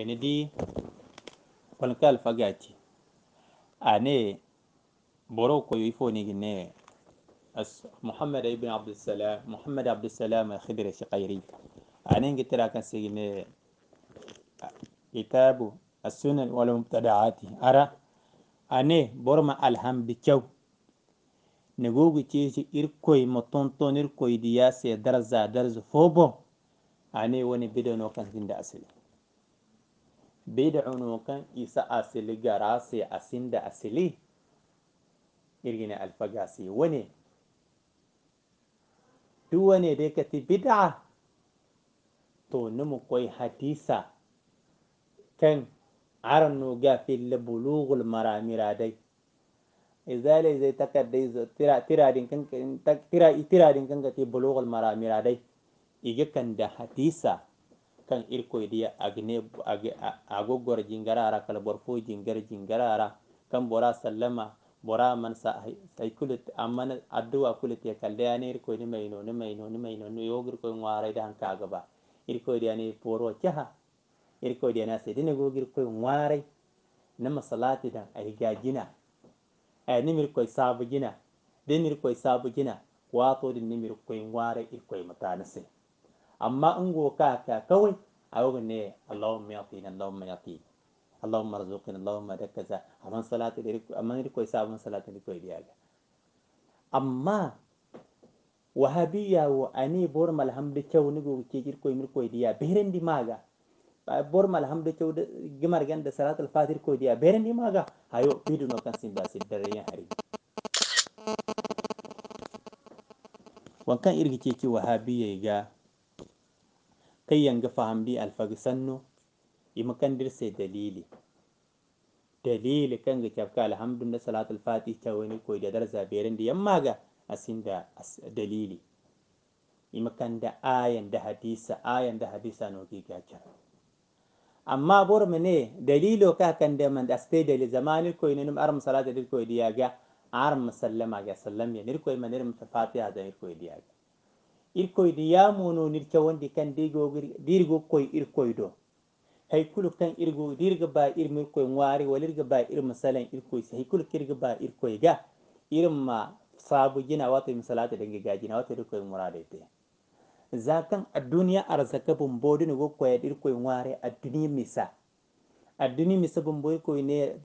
ene di kwalika alfagati ane boro ko yi fo ni ne as muhammad ibn abd salam muhammad abd salam khidri shi qairi ane ngi kan sigi ne kitabu as sunan wal mubtadaati ara ane borma ma alham bi chaw ne gogu ci ci ir koy mo ton ton ir koy di ya se darza darza fobo ane woni bidono kan sinda asli beda cunuqan isa asili garase asinda asili irgina alfagasi wane duk wane dai ka ti bid'a to numu koy kan arnu ga fil bulughul maramira dai izale zai takaddai tira tira din kan tira tira din kan da hadisa kan irkoydiya agne agogor jingarara kala bor fo jingar jingarara kan bora sallama bora man sa ay kulit amman adwa kulit ya kalle ya ne irko ni mayno no ni mai no ni mai ni yogir ko ngwara da kaga ba irko dia poro kyaha irko dia na gogir ko ngwara na masalati dan ay gajina ay ni mir ko sabu gina dinir ko sabu gina wato din ni mir ko ngwara irko mata sai amma in goka ka ka kawai a yau ne na Allahun Allahumma Allahun marzuki na Allahun da kaza man salatu da man riko isa man salatu da ko biya amma wahabiya wo ne bor malhamdu kyau ni gobe ke gir koy mir koy diya berendi maga bor kyau da gimar ganda salatul fatir koy diya berendi maga hayo pidu no kan sin simba da rayan hari wankan irgi ke ki wahabiya ga kayanga fahamdi alfagisanno ima kandirse dalili dalili kan kanga cafka alhamdulillah salatul fatih wani koy da darza berende yammaga asinda dalili yi kanda ayan da hadisa ayan da hadisa no giga car amma bor mene dalilo ka kan da man da ste dalil zamani koy nenum aram salatul koy diyaga aram sallama ga sallam ya nir koy manir mutafatiha da nir koy diyaga irkoyde yamononir wandi kan dirgo koy do hay kulu kan irgo dirga ba irmir koy ngwari walirga ba ir salan irkoy sai kulu kirga ba irkoy ga irma sabu jina wato misalata dangi gajina wato irkoy muradete zakan a duniya arzaka bun bodin go koy irkoy ngwari a duniya misa a duniya bun bumboy koy ne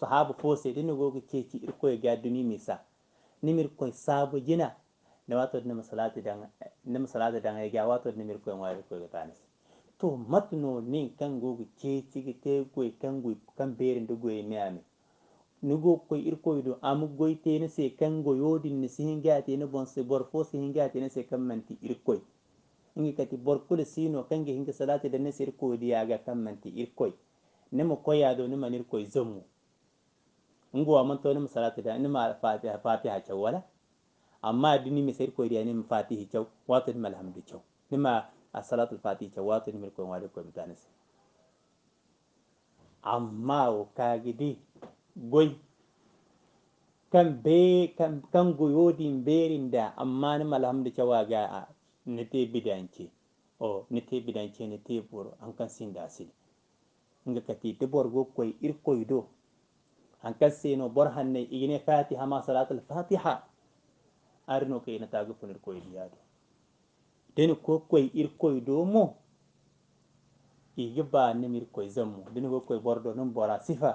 sahabu fose dinugo ke keki irkoy ga duniya misa nimir koy sabu jina ne wato ne salati dan ne masalati dan ya watod ne mirko ngwa ko ga tanis to matno nin kan go go ke ci ga te go kan go kan berin do go e ami ni go ko ir ko do am go te ne se kan go yodin ne sin ga te ne bon se bor fo sin ga te ne se kan manti ir ko ingi kati bor si sino kan ge hinga salati da ne se ir ko ya ga kan manti ir ko ko koya do nima nir ko zomu ngo amanto masalati salati ne ma fatiha fatiha wala amma adini misir ko riya nim fatihi chaw watin mal hamdu chaw nima as-salatu al-fatihi chaw watin mil ko wadi ko mitanis amma o kagidi goy kan be kan kan goyodi berinda amma ni mal hamdu chaw ga nite bidanci o nite bidanci nite buru an kan sinda sin nga kati te borgo koy ir koydo an kan seno bor hanne igine fatiha ma salatul fatiha arno ke ina tagu funir koi diyado den ko koi ir koi do mo igi ba ne mir koi zammo den ko koi bordo non bora sifa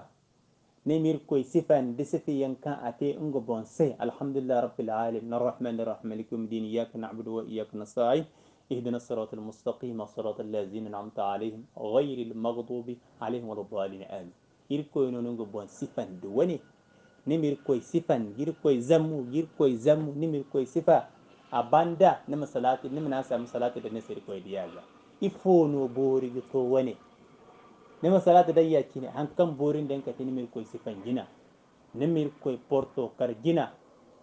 ne mir koy sifan de sifi yankan ate ungo bon se alhamdulillah rabbil alamin arrahmanir rahim likum din iyyaka na'budu wa iyyaka nasta'in اهدنا الصراط المستقيم صراط الذين انعمت عليهم غير المغضوب عليهم ولا الضالين امين يركو نونغو بون سيفان دواني nimir koy sifan gir koy zamu gir koy zamu nimir koy sifa abanda nima salati nima na samu salati da nasir koy diyaga ifo no bori gi to wane nima salati da yaki ne kan borin da yanka nimir koy sifan gina nimir koy porto kar gina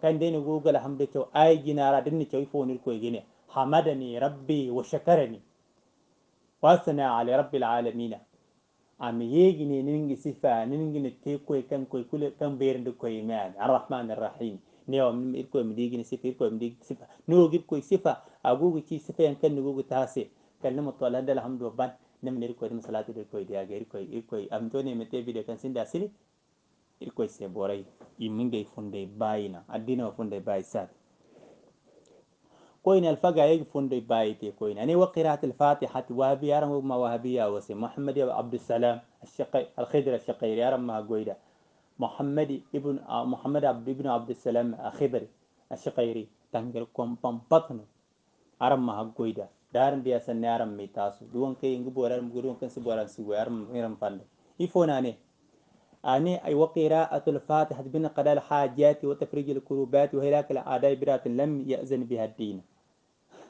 kan dai ne google hamda kyau ai gina ra ne kyau ifo nir koy gine hamadani rabbi wa shakarani wasana ala rabbil alamina ama yeegine ningi sifa ningi te koy kan koy kule kan beernde koy man arrahman arrahim neo irko midigi sifa irko midigi sifa no gib koy sifa agugu ci sifa en kan nugu taase kan namo to Allah dal hamdu ban nam ne irko dum salatu de koy dia gair koy irko am to ne mete bi de kan sinda sili irko se boray iminge funde bayina adina funde bay sat كوين الفقه يقفون بايتي كوين يعني وقراءة الفاتحة وابي أرم ما وهبي أوسي محمد عبد السلام الشقي الخضر الشقيري أرم ما قويدا محمد ابن محمد عبد ابن عبد السلام الخضري الشقيري تنقل كم بم بطن أرم ما قويدا دارن بيا سنة أرم ميتاسو دون كي ينقبوا أرم قدون كنسبوا أرم سوى أرم أرم فند يفوناني أني أي وقراءة الفاتحة بين قضاء الحاجات وتفريج الكروبات وهلاك الأعداء برات لم يأذن بها الدين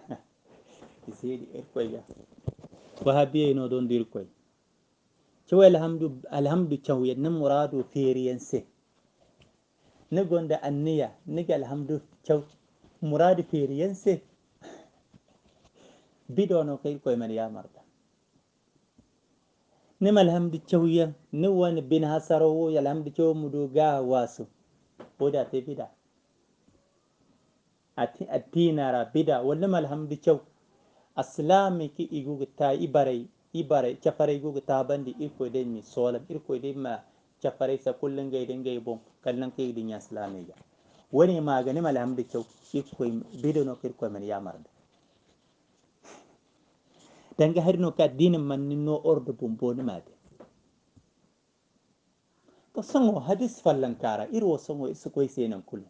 زيدي إركوية وهابي نودون دير كوي شو الحمد الحمد شو ينم مراد فيرينسه نقول ده النية نقول الحمد شو مراد فيرينسه بدون قيل كوي من يا مرد nima alhamdu kyauya ni wani bin hasarawo ya alhamdu kyau mu doga wasu oda te bida atinara bida wala ma alhamdu kyau aslami ki igu ta ibarai ibarai kyafare igu ta bandi irko dai mi solam irko dai ma kyafare sa kullun gai dan gai bon kallan kai din ya ga wani magani ma alhamdu kyau irko bida no men ya marda danga harino ka dina manino ordo bumboni mate to sango hadis fallan kara irwo sango isikoi senan kulu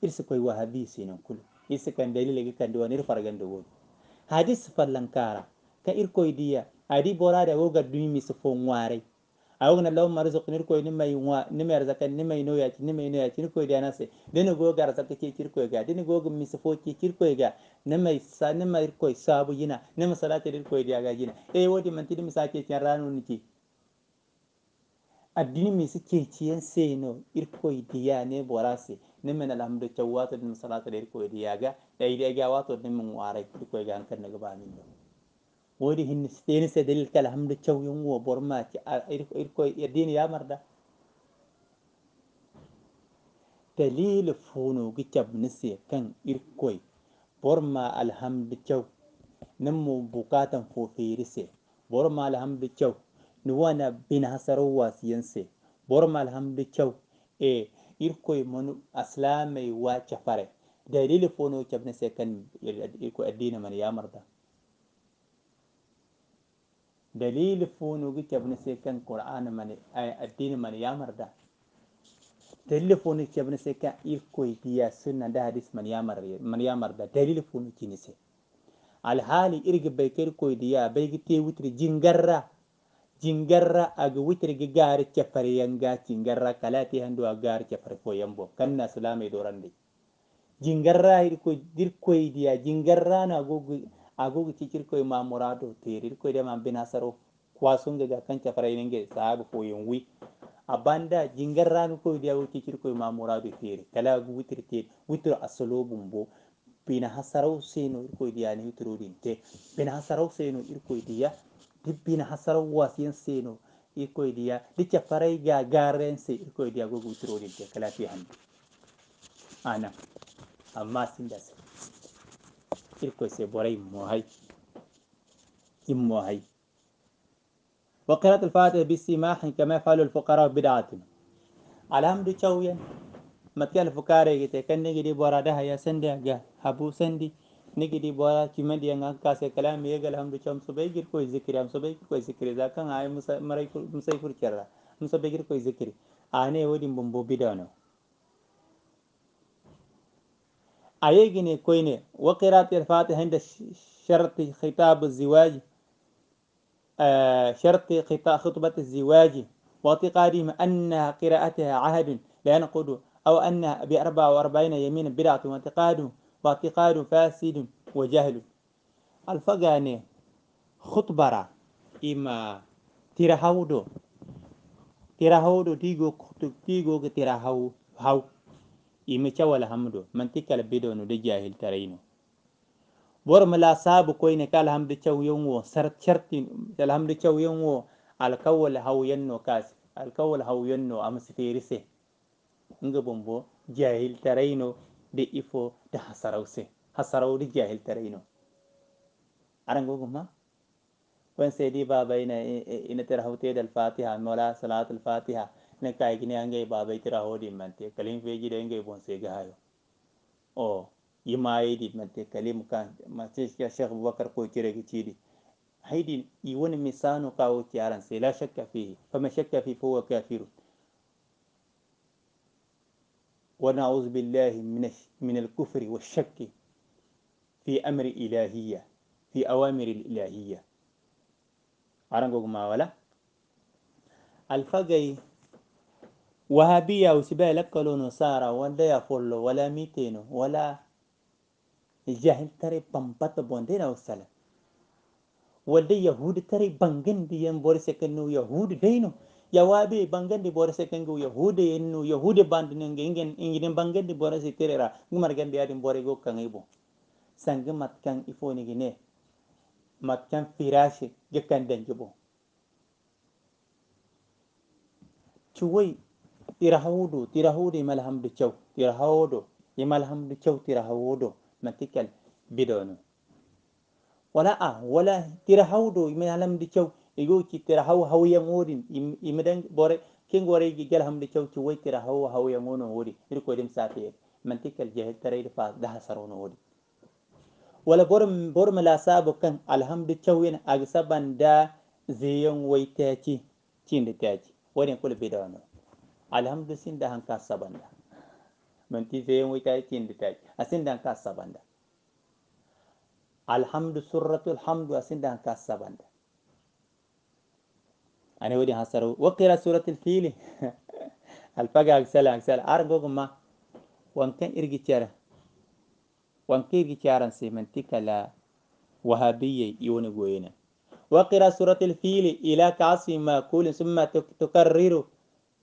irsikoi wahabi senan kulu isikan dalile ga kan diwan irfar ganda won hadis fallan kara ka irkoi diya adi borada woga dumi misu fon warai awogna allahumma arzuqni ko ni mai wa ni mai arzaka ni mai noya ni mai noya ni ko diana se deni go gar arzaka ke kirko ga deni go gum misfo ke kirko ga ni mai sa ni mai ko sabu yina ni masalati dir ko ga gina eh wodi man tidi sa ke kin ranu niki addini mi suke ciyan sai no irko diya ne borase ni men alhamdu tawata ni masalati dir ko ga dai dai ga wato din mun warai ko ga an kan daga ba min wodi hin steni se dalil kala hamdu caw yongu o bormaki irko e dini marda dalil funugi nisi kan irkoy borma alhamdu caw nemu bukatan fo firise borma alhamdu caw ni wana bin hasaro wasiyanse borma alhamdu caw e irkoy manu aslamay wa cafare dalil funugi nisi kan irko adina man marda dalili fonugu kebni sekan qur'an mani addini mani yamarda dalili fonu kebni sekan irkoy diya sunna da hadis mani yamar mani yamarda dalili fonu Al-hali irgi bai kai koy diya bai gite wutri jingarra jingarra aga wutri ga gari kefar yanga jingarra kalati hando a gari kefar fo yambo kanna salamai dai. jingarra irkoy dirkoy diya jingarra na gogo agu kikir ko ma murado terir ko de man binasaro kwasun ga kan ta yin ge sahabu ko wi abanda jingarranu ko dia agu kikir ko ma murado terir kala agu wutir teri wutir asalo bumbo bina hasaro seno dia diya ne din te bina hasaro seno dia diya bina hasaro wasiyan seno irko diya dike farai ga garen se irko diya go din te kala fi hande ana amma sin da se كافر إلكويس بوري موهي كم موهي وقراءة الفاتحة بالسماح كما فعل الفقراء دو چاويا ما مكان الفقراء كان نگي دي بورا دها يا سندي جا هبو سندي دي بورا كما دي انگا كاسي كلام يقال الحمد لله مسبي غير كوي ذكر مسبي كوي ذكر إذا كان عاي مسا مري مسافر كرا مسبي غير كوي ذكر آنه ودي مبو بدانه ayegine koyne wa qira'ati al-fatiha inda sharti khitab az-ziwaj شرط قطاع آه، خطبة الزواج واعتقادهم أن قراءتها عهد لا ينقض أو أن ب 44 يمين بدعة واعتقاد واعتقاد فاسد وجهل الفقاني خطبرة إما ترهودو ترهودو تيجو تيجو ترهو هاو imi ke wal man ti kal bido no de jahil tarayno bor mala sabu koy ne kal hamdu chaw yonwo sar charti kal hamdu chaw yonwo al kawal hawyanno kas al kawal hawyanno am sifirise nga bombo jahil tarayno de ifo da hasarawse hasaraw de jahil tarayno arango guma wen sedi baba ina ina terhawte dal fatiha mola salat al fatiha ne kai kini ange baba itira hodi mante kalim feji denge bon sega hayo o yima ayidi mante kalim kan mate ya shekh bakar ko tire ki cidi haydi iwon misanu kawo tiaran sai la shakka fihi fama shakka fi huwa kafir ونعوذ بالله من من الكفر والشك في امر الهيه في اوامر الالهيه arango ma wala alfagay wahabia usibaa ila kalono sara wanda ya follo wala miteno wala jahil tare pampata bonde na usala wanda yahudi tare bangandi yan bore sekenu yahudi deino ya wabe bangandi bore sekengu yahudi ennu yahudi bandin ngingen ingin bangandi bore sekerera ngumar gandi adin bore go kan ibo sanga matkan ifoni gine matkan firashi gekan danjibo cuwai tirahodo tirahodo imal hamdu cew tirahodo imal hamdu cew tirahodo matikal bidono wala a wala tirahodo yi hamdu cew igo ki tirahaw hawyan worin imidan bore King gore gi gal hamdu cew ci wai tirahaw hawyan wono wori irko dim safi Matikal jahil tarai fa da hasarono wori wala bor bor mala sabo kan alhamdu cewin agsaban da ziyan wai taci cin da taci wani kul bidono alhamdu sinda hanka sabanda manti zeyen wita itin ditaj asinda hanka sabanda alhamdu surratul hamdu asinda hanka sabanda ani wadi hasaru waqira suratul fili alfaga agsala agsala argogma wankan irgichara wankan irgicharan se manti kala wahabiyye yoni goyena وقرأ سورة الفيل إلى كعصف مأكول ثم تكرره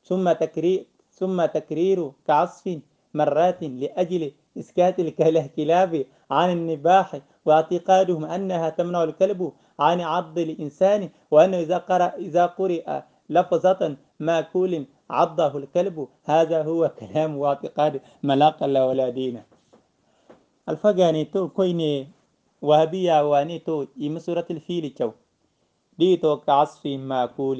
ثم تكرير ثم تكرير كعصف مرات لأجل إسكات الكلاب عن النباح واعتقادهم أنها تمنع الكلب عن عض الإنسان وأنه إذا قرأ, إذا قرأ لفظة ماكول عضه الكلب هذا هو كلام واعتقاد ملاق الله ولا دين الفقاني تو كويني وهبية وانيتو تو يمسورة الفيل جو ديتو كعصف ماكول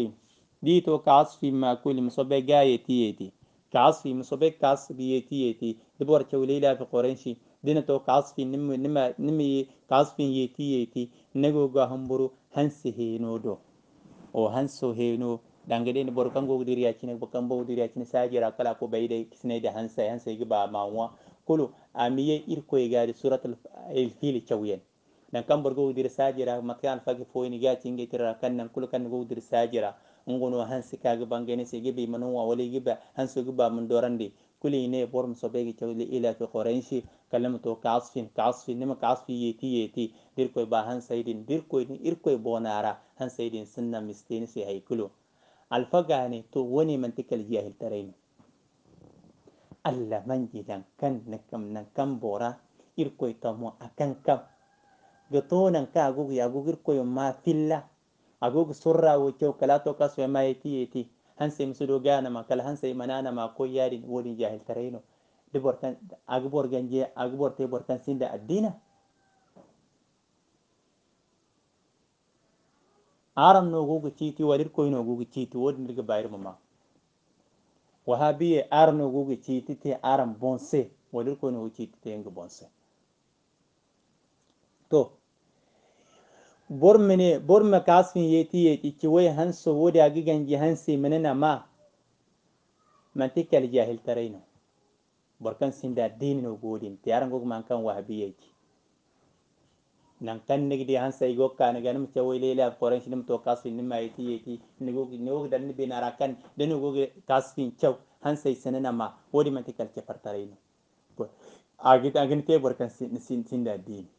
ديتو كعصف مأكول مصبع جايتي يتي yeti مصبع كعصف يتي يتي دبور كوليلا في قرنشي دينا تو كعصف نم نم نمي كعصف يتي يتي نجو جاهمبرو هنسي هينو دو أو هنسو هينو bor kango diri ya kine bakan bo diri ya kine sajira kala ko bai kisne da hansa hansa gi ba mawa kulu amiye irko e gari suratul fil chawiyen dan kan bor go diri sajira matkan fagi fo ni ga tinge tira kan nan kulu kan go diri sajira ngono hansi kaga bangene se gibi manwa wali giba hansu giba mun dorandi كلي ني بورم صبيغي تولي إلى في قرينشي كلمتو كعصفين كعصفين نما كعصفي يتي يتي ديركوي با هن سيدين ديركوي ني إركوي بونارا هن سيدين سنة مستين سي هيكلو الفقاني تو وني من تكل جاهل ترين ألا من جدان كان نكم نكم بورا إركوي تمو أكن كم قطونا كاغوغ ياغوغ إركوي ما في الله agog surra wokew kala to kaso ma yeti yeti hanse musudo gana ma kala hanse manana ma ko yari woni jahil tarayno de borkan agbor ganje agbor te borkan sinda addina aram no gogo titi walir koy ino gogo titi wodi ndirga bayir mama wahabiye ar no gogo titi te aram bonse walir koy ino gogo titi te ngi bonse to bor mene bor ma kasfin yeti yeti ki wai hanso wodi agi ganji han se mene na ma man kal jahil taraino bor kan sinda dini no godin te aran go man kan wahabi yeki nan kan nigi de han sai go kan ga ce wai lela foran shi nim to kasfin nim ma yeti yeti ni go ni go dan ni be na rakan dan go kasfin kyau han sai ma wodi man te kal ke fartaraino agit agin te bor kan sinda dini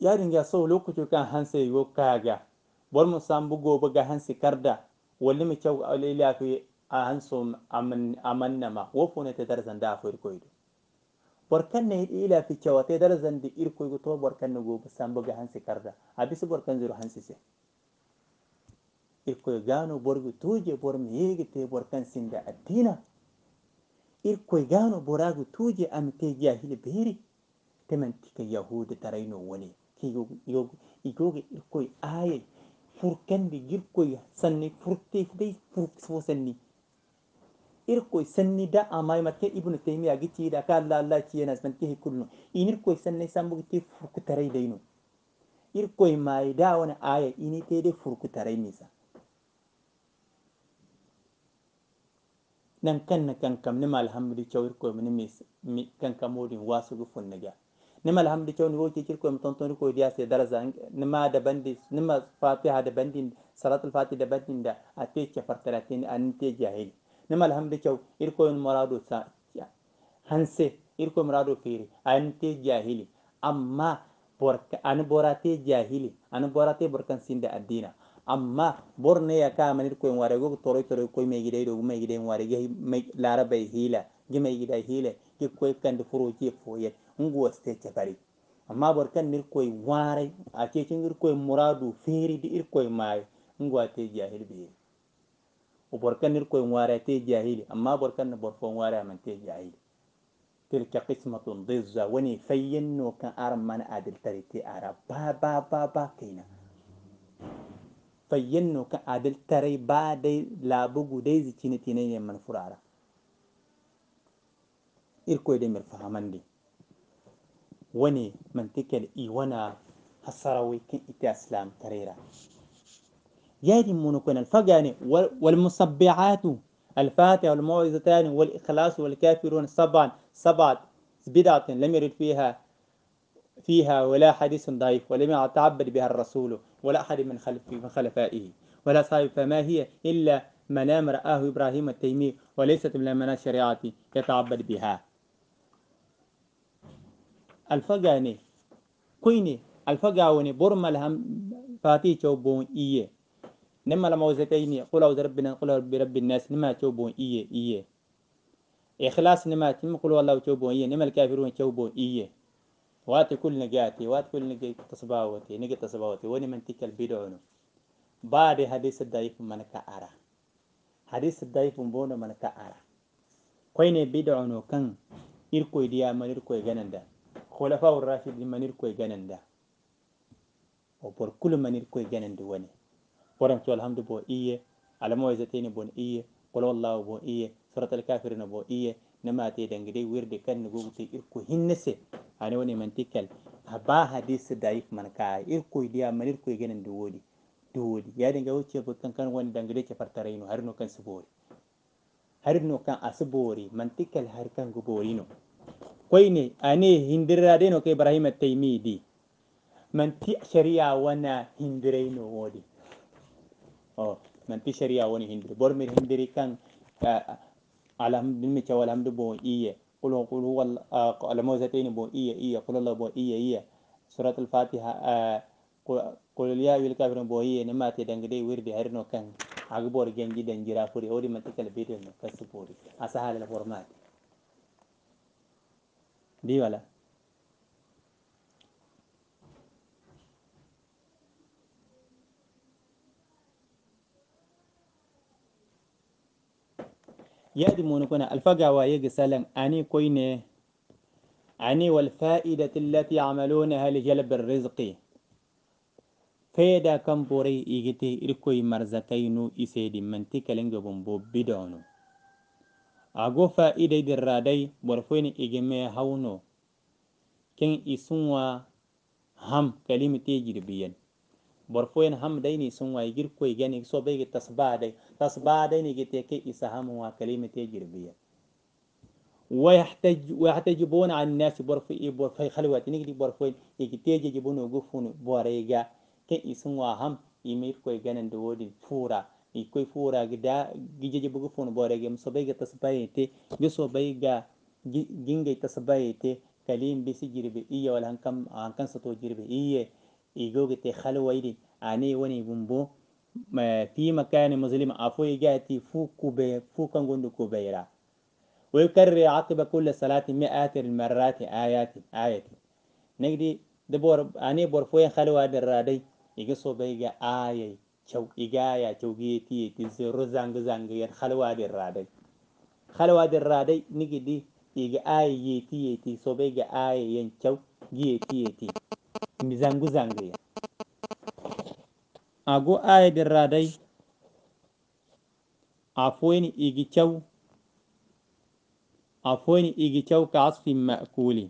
yarin ya so lokacin kan hansa yo kaga bor mu san bugo buga hansi karda walli mu kyau alila fi a hanso amanna ma wofo ne ta darzan da afoir koido bor kan ne ila fi kyau ta darzan da ir koido to bor kan ne go san buga hansi karda abisi bor kan zuru hansi se irkoy gano borgu tuje bor mi yegite bor kan sinda addina irkoy gano boragu tuje am te jahili beri teman tika yahuda tarayno wani igoga irkoy aayay gir girkoy sanni sanni ir furteefdey sanni da amay amaymate ibnu taymiya gitiida kaallaalaa ciyenas mantihi kullu inir sanni tare ir may inirkoy sanne sambugiti furkutaraydaino irkoy maaydawana aaya initeede furkutaraynisa nan kan kan kanna kankam nima alhamdu chaw irkoy mini kankam wasu waasugu funnagaa nima alhamdulillah ni woki kirko mi tonton ko diya se daraja nima da bandi nima fatiha da bandi salat al fatiha da bandi da ate ke fartaratin an te jahil nima alhamdulillah irko en morado sa hanse irko maradu firi an te jahili amma borka an borate jahili an borate borkan sinda adina amma borne ya ka manir ko en warego toro toro ko me gidai do me gidai warege larabay hila gi gimay gidai hila ki ko kande furo ki foye ngo sete bari amma barkan nir koy warai a ce kin ir koy muradu feri di ir koy mai ngo ate jahil be o barkan nir koy warai te jahili amma barkan na barfon warai man te jahili tilka qismatun dizza wani fayyinu no kan arman adil tariti ara ba ba ba ba kaina fayyinu no kan adil tari ba dai labugu dai zikini tinai ne man furara irkoy de mir fahamandi وني منطقة إيوانا الصروي كن إتي أسلام تريرا يادي منكن الفقاني والمصبعات الفاتحة والموعظتان والإخلاص والكافرون سبعا سبعة بدعة لم يرد فيها فيها ولا حديث ضعيف ولم يتعبد بها الرسول ولا أحد من خلف من خلفائه ولا صاحب فما هي إلا منام رآه إبراهيم التيمي وليست من منام شريعتي يتعبد بها alfagane kuine alfagawone bormal ham fati chobon iye نما لما وزتيني قل أعوذ ربنا قل برب الناس نما توبون إيه إيه إخلاص نما تم قل والله توبون إيه نما الكافرون توبون إيه وات كل نجاتي وات كل نجي تصباوتي نجي تصباوتي وني من تلك البدعون بعد حديث الضعيف من كأرى حديث الضعيف بون من كأرى كوين بدعون كان إركو ديا من إركو جنندا khulafa rashidin manir koy gananda o bor kulu manir koy ganande woni woran to alhamdu bo iye alamoyzateni bon iye qul wallahu bo iye surat alkafirina bo iye namate dangide wirde kanne gogute irko hinnese ani woni mantikal aba hadis daif man ka irko idiya manir koy ganande wodi duwodi yadinga wucce bakkan kan woni dangide ce fartarayno harno kan subori harno kan asubori mantikal har kan gubori كويني koyne ane hindiriraɗeno ko ibrahima taymidi manti sharia wona hindirayno woodi o manti sharia woni hindiri bor mbiɗa hindiri kan alhamdu mi cawa alhamdu bon iye قل هو قل هو الموزتين بو إيه إيه قل الله بو إيه إيه سورة الفاتحة قل يا أيها الكافرون بو إيه نما تدنجدي ورد هرنو كان عقبور جنجي دنجرا فوري أوري من تكال بيتو كسبوري أسهل الفورمات دي ولا يا دي مونكونا الفقا ويجي سالم اني كوينه اني والفائدة التي يعملونها لجلب الرزق فيدا كمبوري يجتي إركوي مرزقينو إسيدي منتي كلنجو بمبو بدونو agofa idai dirradai borfoyni igime hauno ken isunwa ham kalimi te jirbiyen borfoyen ham dai ni sunwa igir ko igani so bai ga tasbadai ni gite ke isa wa kalimi te ويحتج ويحتجبون عن الناس برفي برفي خلوات نقدي برفين يكتيج يجيبون وقفون بوريجا كي يسموا يمير كوي جنن دوودي فورا ikoy fura gida gijeje bugu fun borege musobay ga tasbayete gisobay ga gingay tasbayete kalim bisi jirbe iya wal hankam hankan sato jirbe iye igoge te khalwaidi ane wani bumbo fi makani muslim afo igati fu kube fu kangondo kubeira ويكرر عقب كل صلاة مئات المرات آيات آيات نجدي دبور أني بور فوين خلوا درادي يقصوا بيجا آية cawqigaya cawgiyetiyeti zero zangi zangiyen halwaden raday halwaden raday nigidi iga aya yetiyeti sobe ga aya yen caw giyetiyeti mi zangu zangiyen ago aya den raday afoyni igi caw afoyni igi caw ka asfin ma'kuli